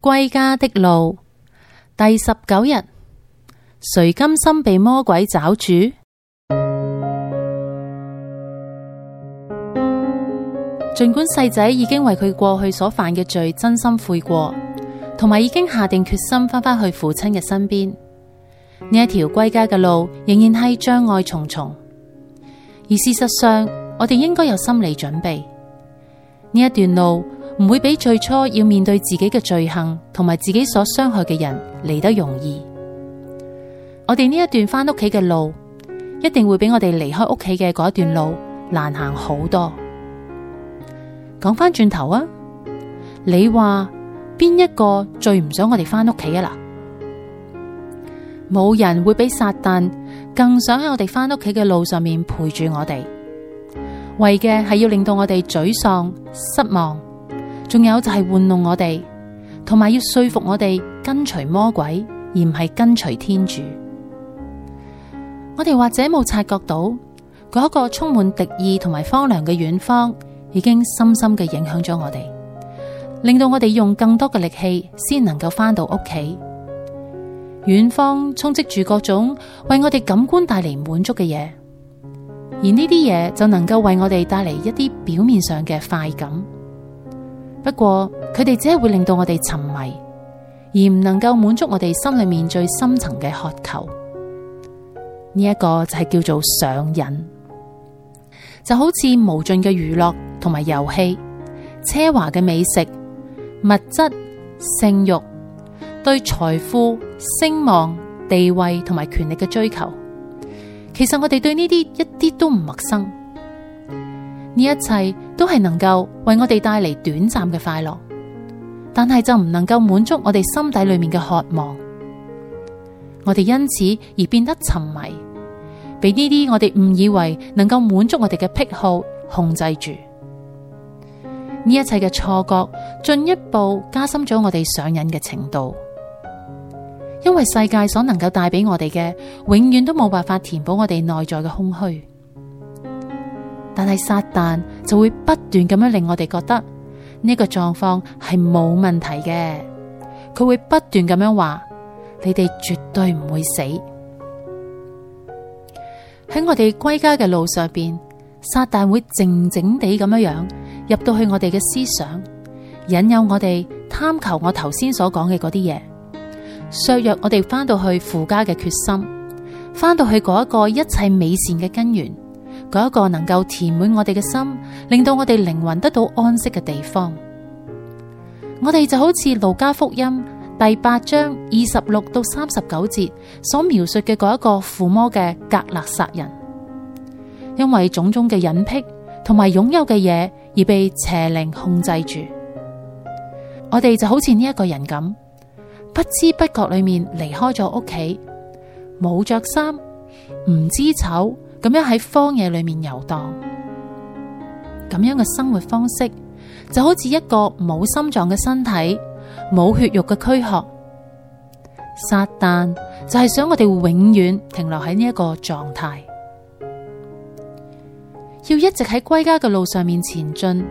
歸家的路第十九日，誰甘心被魔鬼抓住？儘管細仔已經為佢過去所犯嘅罪真心悔過，同埋已經下定決心翻返去父親嘅身邊，呢一條歸家嘅路仍然係障礙重重。而事實上，我哋應該有心理準備呢一段路。唔會比最初要面對自己嘅罪行，同埋自己所傷害嘅人嚟得容易。我哋呢一段翻屋企嘅路，一定會比我哋離開屋企嘅嗰一段路難行好多。講翻轉頭啊，你話邊一個最唔想我哋翻屋企啊？嗱，冇人會比撒旦更想喺我哋翻屋企嘅路上面陪住我哋，為嘅係要令到我哋沮喪失望。仲有就係玩弄我哋，同埋要說服我哋跟隨魔鬼，而唔係跟隨天主。我哋或者冇察覺到，嗰個充滿敵意同埋荒涼嘅遠方，已經深深嘅影響咗我哋，令到我哋用更多嘅力氣先能夠翻到屋企。遠方充斥住各種為我哋感官帶嚟滿足嘅嘢，而呢啲嘢就能夠為我哋帶嚟一啲表面上嘅快感。不過佢哋只係會令到我哋沉迷，而唔能夠滿足我哋心裏面最深層嘅渴求。呢一個就係叫做上癮，就好似無盡嘅娛樂同埋遊戲、奢華嘅美食、物質、性慾、對財富、聲望、地位同埋權力嘅追求。其實我哋對呢啲一啲都唔陌生。呢一切都係能夠為我哋帶嚟短暫嘅快樂，但係就唔能夠滿足我哋心底裏面嘅渴望。我哋因此而變得沉迷，俾呢啲我哋誤以為能夠滿足我哋嘅癖好控制住。呢一切嘅錯覺，進一步加深咗我哋上癮嘅程度。因為世界所能夠帶俾我哋嘅，永遠都冇辦法填補我哋內在嘅空虛。但係撒旦就會不斷咁樣令我哋覺得呢個狀況係冇問題嘅，佢會不斷咁樣話：你哋絕對唔會死。喺我哋歸家嘅路上邊，撒旦會靜靜地咁樣樣入到去我哋嘅思想，引誘我哋貪求我頭先所講嘅嗰啲嘢，削弱我哋翻到去父家嘅決心，翻到去嗰一個一切美善嘅根源。嗰一個能夠填滿我哋嘅心，令到我哋靈魂得到安息嘅地方，我哋就好似路加福音第八章二十六到三十九節所描述嘅嗰一個附魔嘅革辣撒人，因為種種嘅癮癖同埋擁有嘅嘢，而被邪靈控制住。我哋就好似呢一個人咁，不知不覺裏面離開咗屋企，冇着衫，唔知醜。咁樣喺荒野裏面遊蕩，咁樣嘅生活方式就好似一個冇心臟嘅身體、冇血肉嘅軀殼。撒旦就係想我哋會永遠停留喺呢一個狀態，要一直喺歸家嘅路上面前進，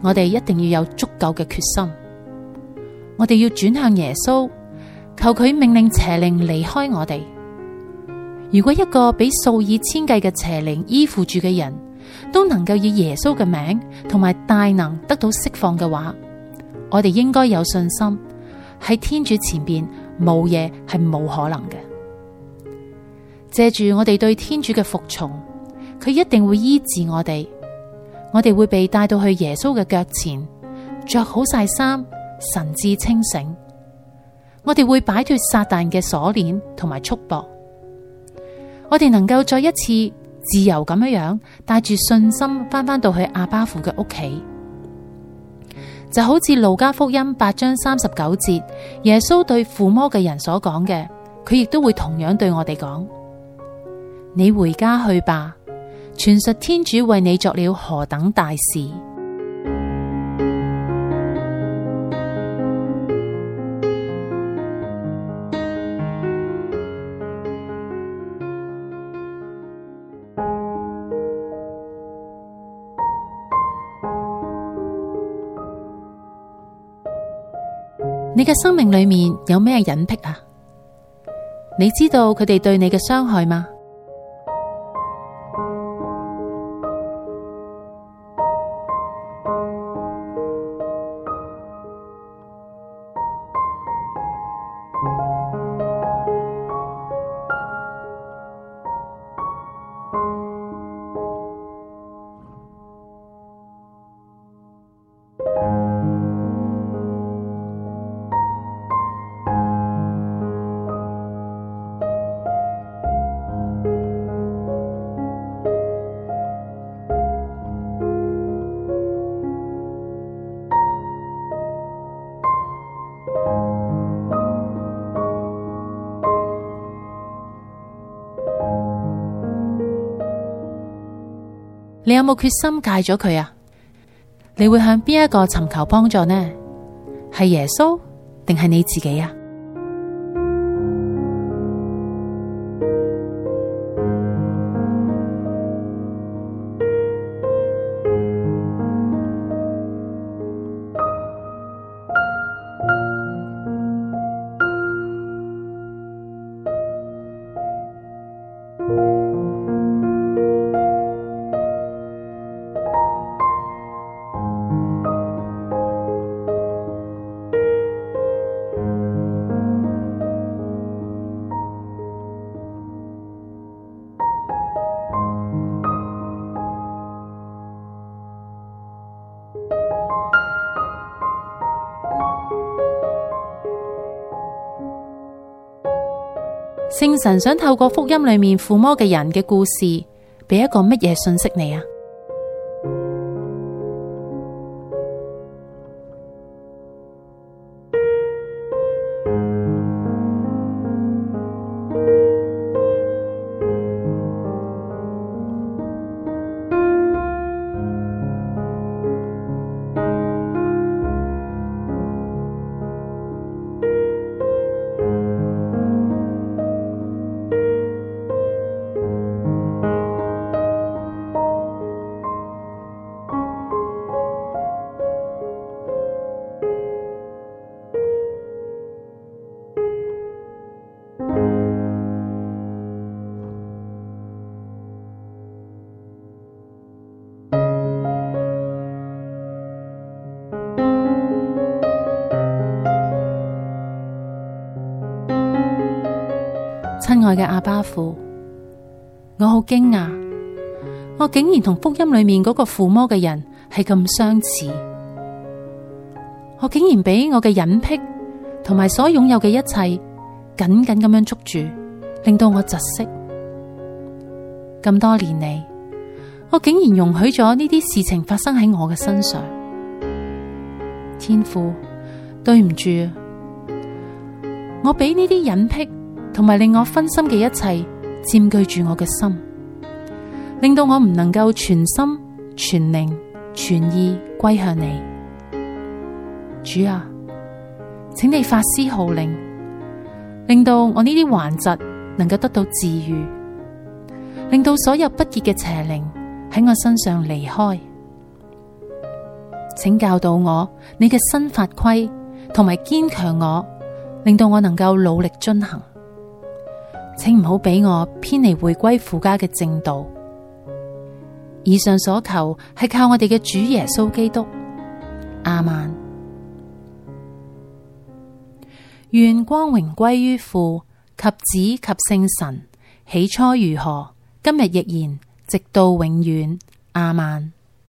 我哋一定要有足夠嘅決心，我哋要轉向耶穌，求佢命令邪靈離開我哋。如果一個俾數以千計嘅邪靈依附住嘅人都能夠以耶穌嘅名同埋大能得到釋放嘅話，我哋應該有信心，喺天主前邊冇嘢係冇可能嘅。借住我哋對天主嘅服從，佢一定會醫治我哋，我哋會被帶到去耶穌嘅腳前，着好晒衫，神智清醒，我哋會擺脫撒旦嘅鎖鏈同埋束縛。我哋能夠再一次自由咁樣樣，帶住信心翻返到去阿爸父嘅屋企，就好似路加福音八章三十九節耶穌對附魔嘅人所講嘅，佢亦都會同樣對我哋講：「你回家去吧，傳述天主為你作了何等大事！」你嘅生命裏面有咩癮癖啊？你知道佢哋對你嘅傷害嗎？你有冇決心戒咗佢啊？你會向邊一個尋求幫助呢？係耶穌，定係你自己啊？聖神想透過福音裏面附魔嘅人嘅故事，俾一個乜嘢信息你啊？親愛嘅阿爸父，我好驚訝，我竟然同福音裏面嗰個附魔嘅人係咁相似。我竟然俾我嘅癮癖同埋所擁有嘅一切緊緊咁樣捉住，令到我窒息。咁多年嚟，我竟然容許咗呢啲事情發生喺我嘅身上。天父，對唔住，我俾呢啲癮癖，同埋令我分心嘅一切佔據住我嘅心，令到我唔能夠全心全靈全意歸向你，主啊，請你發施號令，令到我呢啲頑疾能夠得到治癒，令到所有不潔嘅邪靈喺我身上離開，請教導我你嘅新法規，同埋堅強我，令到我能夠努力遵行。請唔好俾我偏離回歸父家嘅正道。以上所求係靠我哋嘅主耶穌基督。亞孟，願光榮歸於父及子及聖神。起初如何，今日亦然，直到永遠。亞孟。